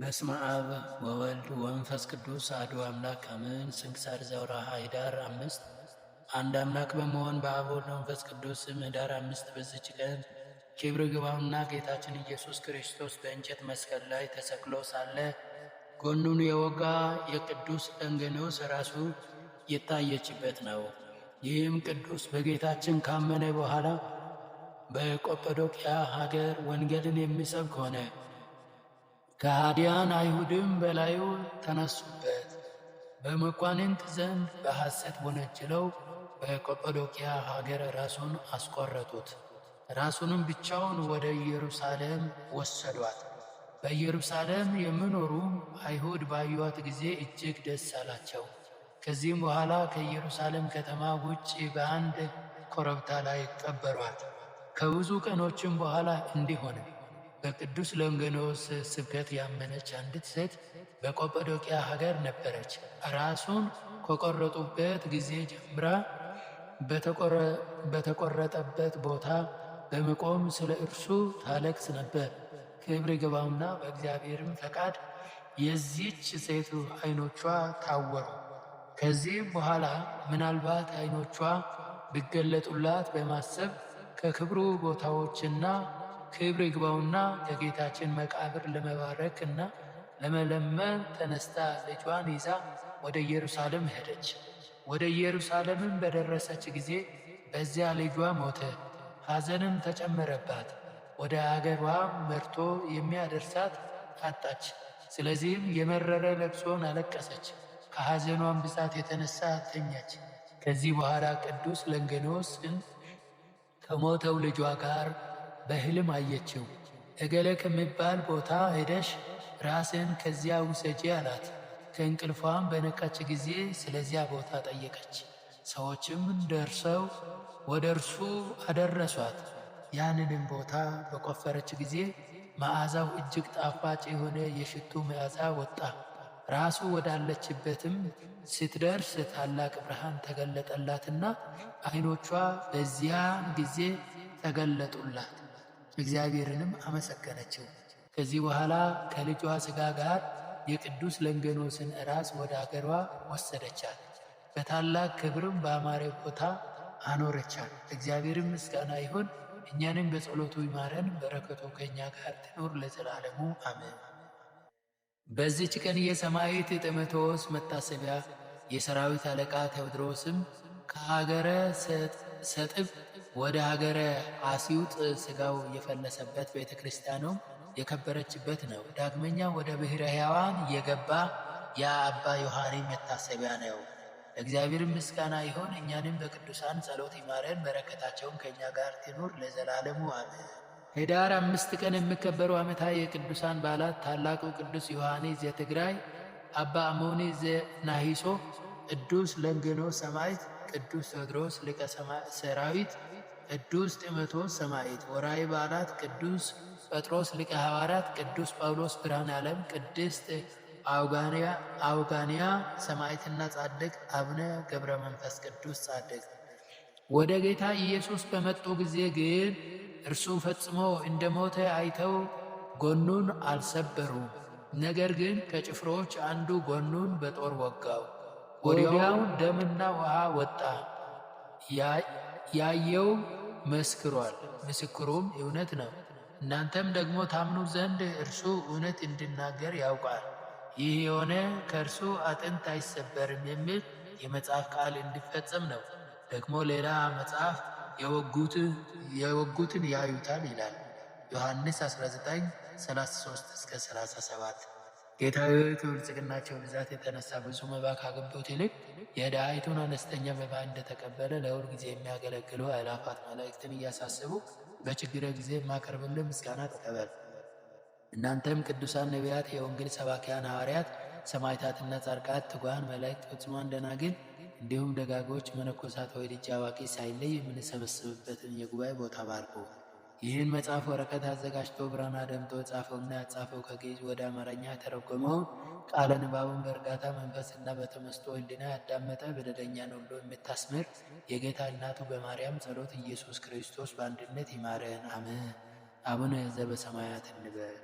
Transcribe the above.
በስመ አብ ወወልድ ወመንፈስ ቅዱስ አሐዱ አምላክ አሜን። ስንክሳር ዘወርኀ ኅዳር አምስት አንድ አምላክ በመሆን በአብ ወልድ መንፈስ ቅዱስ ስም ኅዳር አምስት በዚች ቀን ክብር ይግባውና ጌታችን ኢየሱስ ክርስቶስ በእንጨት መስቀል ላይ ተሰቅሎ ሳለ ጎኑን የወጋ የቅዱስ ለንጌኖስ ራሱ የታየችበት ነው። ይህም ቅዱስ በጌታችን ካመነ በኋላ በቆጵዶቅያ ሀገር ወንጌልን የሚሰብክ ሆነ። ከሃዲያን አይሁድም በላዩ ተነሱበት፣ በመኳንንት ዘንድ በሐሰት ወነጅለው በቀጰዶቅያ ሀገር ራሱን አስቆረጡት። ራሱንም ብቻውን ወደ ኢየሩሳሌም ወሰዷት። በኢየሩሳሌም የሚኖሩ አይሁድ ባዩዋት ጊዜ እጅግ ደስ አላቸው። ከዚህም በኋላ ከኢየሩሳሌም ከተማ ውጭ በአንድ ኮረብታ ላይ ቀበሯት። ከብዙ ቀኖችም በኋላ እንዲህ ሆነ። በቅዱስ ለንገኖስ ስብከት ያመነች አንዲት ሴት በቀጰዶቅያ ሀገር ነበረች። ራሱን ከቆረጡበት ጊዜ ጀምራ በተቆረጠበት ቦታ በመቆም ስለ እርሱ ታለቅስ ነበር። ክብር ግባውና በእግዚአብሔርም ፈቃድ የዚች ሴት ዓይኖቿ ታወሩ። ከዚህም በኋላ ምናልባት ዓይኖቿ ቢገለጡላት በማሰብ ከክብሩ ቦታዎችና ክብር ይግባውና ከጌታችን መቃብር ለመባረክ እና ለመለመን ተነስታ ልጇን ይዛ ወደ ኢየሩሳሌም ሄደች። ወደ ኢየሩሳሌምም በደረሰች ጊዜ በዚያ ልጇ ሞተ፣ ሐዘንም ተጨመረባት። ወደ አገሯም መርቶ የሚያደርሳት አጣች። ስለዚህም የመረረ ለብሶን አለቀሰች። ከሐዘኗን ብዛት የተነሳ ተኛች። ከዚህ በኋላ ቅዱስ ለንገኖስን ከሞተው ልጇ ጋር በህልም አየችው። እገለ ከሚባል ቦታ ሄደሽ ራስን ከዚያ ውሰጂ አላት። ከእንቅልፏም በነቃች ጊዜ ስለዚያ ቦታ ጠየቀች። ሰዎችም ደርሰው ወደ እርሱ አደረሷት። ያንንም ቦታ በቆፈረች ጊዜ መዓዛው እጅግ ጣፋጭ የሆነ የሽቱ መዓዛ ወጣ። ራሱ ወዳለችበትም ስትደርስ ታላቅ ብርሃን ተገለጠላትና ዓይኖቿ በዚያን ጊዜ ተገለጡላት። እግዚአብሔርንም አመሰገነችው። ከዚህ በኋላ ከልጇ ሥጋ ጋር የቅዱስ ለንገኖስን ራስ ወደ አገሯ ወሰደቻት። በታላቅ ክብርም በአማረ ቦታ አኖረቻት። እግዚአብሔርም ምስጋና ይሁን፣ እኛንም በጸሎቱ ይማረን፣ በረከቱ ከእኛ ጋር ትኖር ለዘላለሙ አሜን። በዚች ቀን የሰማዕት ጢሞቴዎስ መታሰቢያ የሰራዊት አለቃ ቴዎድሮስም ከሀገረ ሰጥብ ወደ ሀገረ አሲውጥ ስጋው የፈለሰበት ቤተ ክርስቲያኑም የከበረችበት ነው። ዳግመኛ ወደ ብሔረ ሕያዋን የገባ የአባ ዮሐኒ መታሰቢያ ነው። እግዚአብሔር ምስጋና ይሁን። እኛንም በቅዱሳን ጸሎት ይማረን፣ በረከታቸውም ከእኛ ጋር ትኑር ለዘላለሙ አሜን። ህዳር አምስት ቀን የሚከበሩ ዓመታዊ የቅዱሳን በዓላት ታላቁ ቅዱስ ዮሐኒ ዘትግራይ፣ አባ አሞኒ ዘናሂሶ፣ ቅዱስ ለንገኖ ሰማይ ቅዱስ ቴዎድሮስ ሊቀ ሰራዊት ቅዱስ ጢሞቴዎስ ሰማዕት። ወርኃዊ በዓላት ቅዱስ ጴጥሮስ ሊቀ ሐዋርያት፣ ቅዱስ ጳውሎስ ብርሃነ ዓለም፣ ቅድስት አውጋንያ ሰማዕትና ጻድቅ፣ አቡነ ገብረ መንፈስ ቅዱስ ጻድቅ። ወደ ጌታ ኢየሱስ በመጡ ጊዜ ግን እርሱ ፈጽሞ እንደ ሞተ አይተው ጎኑን አልሰበሩም። ነገር ግን ከጭፍሮች አንዱ ጎኑን በጦር ወጋው፣ ወዲያው ደምና ውሃ ወጣ። ያየው መስክሯል፣ ምስክሩም እውነት ነው። እናንተም ደግሞ ታምኑ ዘንድ እርሱ እውነት እንድናገር ያውቃል። ይህ የሆነ ከእርሱ አጥንት አይሰበርም የሚል የመጽሐፍ ቃል እንዲፈጸም ነው። ደግሞ ሌላ መጽሐፍ የወጉትን ያዩታል ይላል ዮሐንስ 19 33 እስከ 37 ጌታዊ ከብልጽግናቸው ብዛት የተነሳ ብዙ መባ ካገቡት ይልቅ የድሃይቱን አነስተኛ መባ እንደተቀበለ ለሁል ጊዜ የሚያገለግሉ አእላፋት መላእክትን እያሳሰቡ በችግረ ጊዜ የማቀርብልን ምስጋና ተቀበል። እናንተም ቅዱሳን ነቢያት፣ የወንጌል ሰባኪያን ሐዋርያት፣ ሰማዕታትና ጻድቃን፣ ትጉሃን መላእክት፣ ፍጹማን ደናግል እንዲሁም ደጋጎች መነኮሳት ወይ ልጅ አዋቂ ሳይለይ የምንሰበስብበትን የጉባኤ ቦታ ባርኩ። ይህን መጽሐፍ ወረቀት አዘጋጅቶ ብራና አደምቶ ጻፈውና ያጻፈው ከግዕዝ ወደ አማርኛ የተረጎመው ቃለ ንባቡን በእርጋታ መንፈስና በተመስጦ ወልድና ያዳመጠ በደለኛ ነው ብሎ የምታስምር የጌታ እናቱ በማርያም ጸሎት ኢየሱስ ክርስቶስ በአንድነት ይማረን፣ አሜን። አቡነ ዘበሰማያት እንበል።